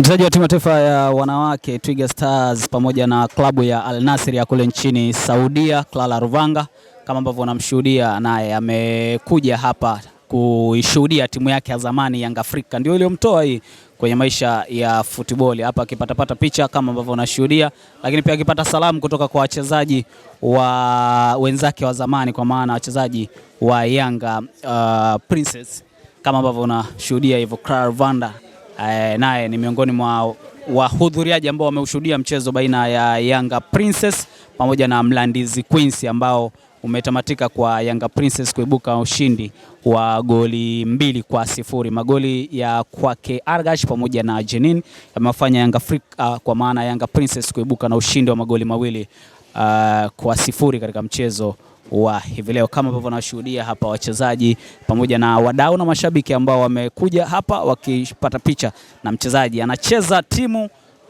Mchezaji wa timu ya taifa ya wanawake Twiga Stars pamoja na klabu ya Al Nassr ya kule nchini Saudia, Clara Ruvanga kama ambavyo unamshuhudia naye amekuja hapa kuishuhudia timu yake ya zamani Yanga Afrika, ndio iliyomtoa hii kwenye maisha ya futiboli, hapa akipatapata picha kama ambavyo unashuhudia, lakini pia akipata salamu kutoka kwa wachezaji wa wenzake wa zamani, kwa maana wachezaji wa Yanga uh, Princess kama ambavyo unashuhudia hivyo. Rwanda e, naye ni miongoni mwa wahudhuriaji ambao wameushuhudia mchezo baina ya Yanga Princess pamoja na Mlandizi Queens ambao umetamatika kwa Yanga Princess kuibuka ushindi wa goli mbili kwa sifuri. Magoli ya kwake Argash pamoja na Jenin yamewafanya Yanga Afrika, ah, kwa maana Yanga Princess kuibuka na ushindi wa magoli mawili uh, kwa sifuri katika mchezo wa hivi leo, kama ambavyo nashuhudia hapa wachezaji pamoja na wadau na mashabiki ambao wamekuja hapa wakipata picha na mchezaji anacheza timu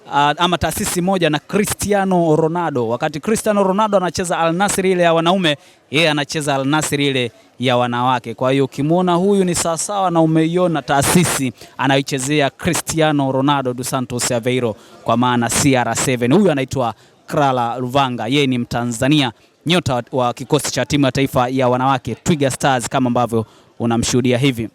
uh, ama taasisi moja na Cristiano Ronaldo. Wakati Cristiano Ronaldo anacheza Al Nassr ile ya wanaume, yeye anacheza Al Nassr ile ya wanawake. Kwa hiyo ukimwona huyu ni sawasawa na umeiona taasisi anayoichezea Cristiano Ronaldo dos Santos Aveiro, kwa maana CR7. Huyu anaitwa Krala Luvanga, yeye ni Mtanzania nyota wa kikosi cha timu ya taifa ya wanawake Twiga Stars kama ambavyo unamshuhudia hivi.